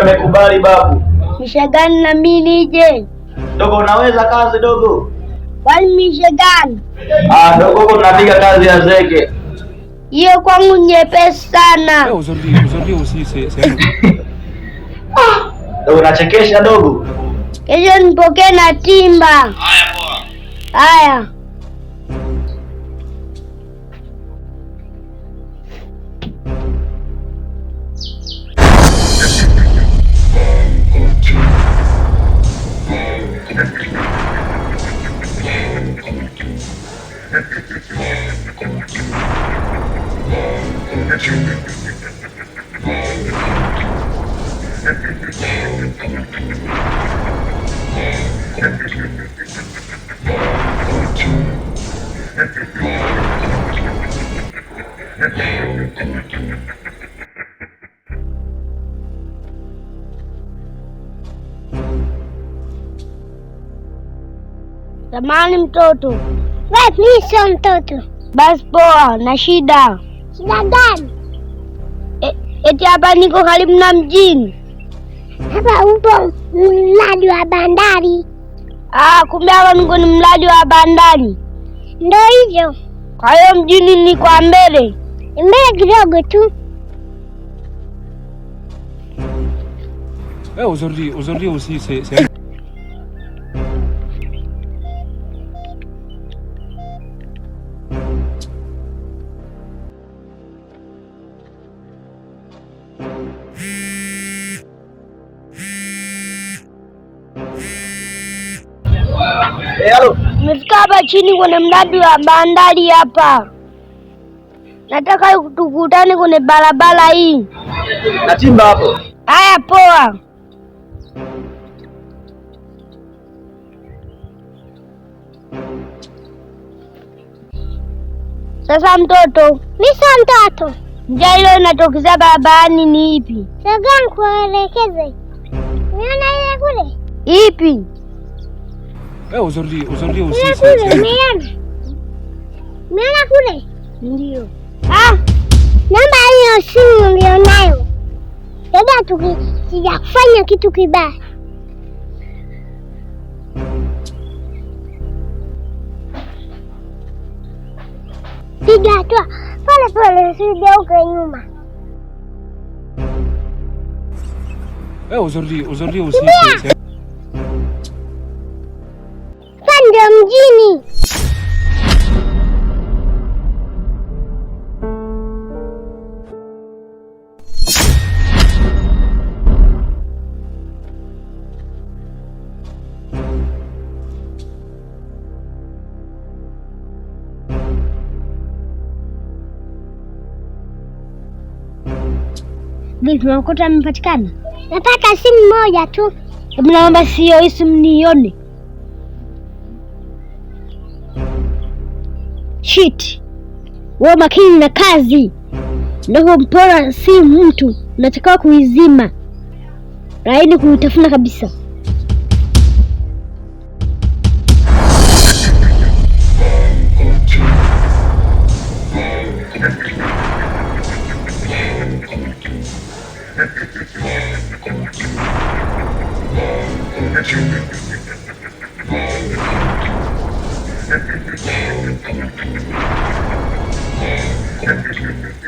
amekubali babu. Mishe gani na mimi nije? Dogo unaweza kazi dogo? Wali mishe gani? Ah, dogo huko tunapiga kazi ya zege. Hiyo kwangu nyepesi sana. Eh, ah. Dogo unachekesha dogo. Kesho nipokee na timba. Haya poa. Haya. Zamani mtoto, wapi mtoto? Baspoa na shida. Shida gani? Eti hapa niko karibu na mjini. Hapa upo mradi wa bandari. Ah, kumbe hapa niko ni mradi wa bandari. Ndio hivyo. Kwa hiyo mjini ni kwa mbele, mbele kidogo tu. Eh, uzuri uzuri usise Nimefika hapa chini kwenye mradi wa bandari hapa, nataka tukutane kwenye barabara hii. Nachimba hapo. Haya, poa. Sasa mtoto, misa mtoto, njia ile inatokeza barabarani ni ipi? Sagangu, kuelekeze. Unaona ile kule ipi? uzuri uzuri usisi. Umeona kule? kule. Ndio. Ah. Namba hiyo simu ulionayo. Dada tuki sijakufanya kitu kibaya. Piga tu pole pole, usijeuke nyuma. Eh, uzuri uzuri usisi. kwenda mjini. Mlikuta mmepatikana? Napata simu moja tu. Mnaomba hii simu nione. shit, wewe makini na kazi. mpora si mtu unatakiwa kuizima, laini kuitafuna kabisa. Thank you.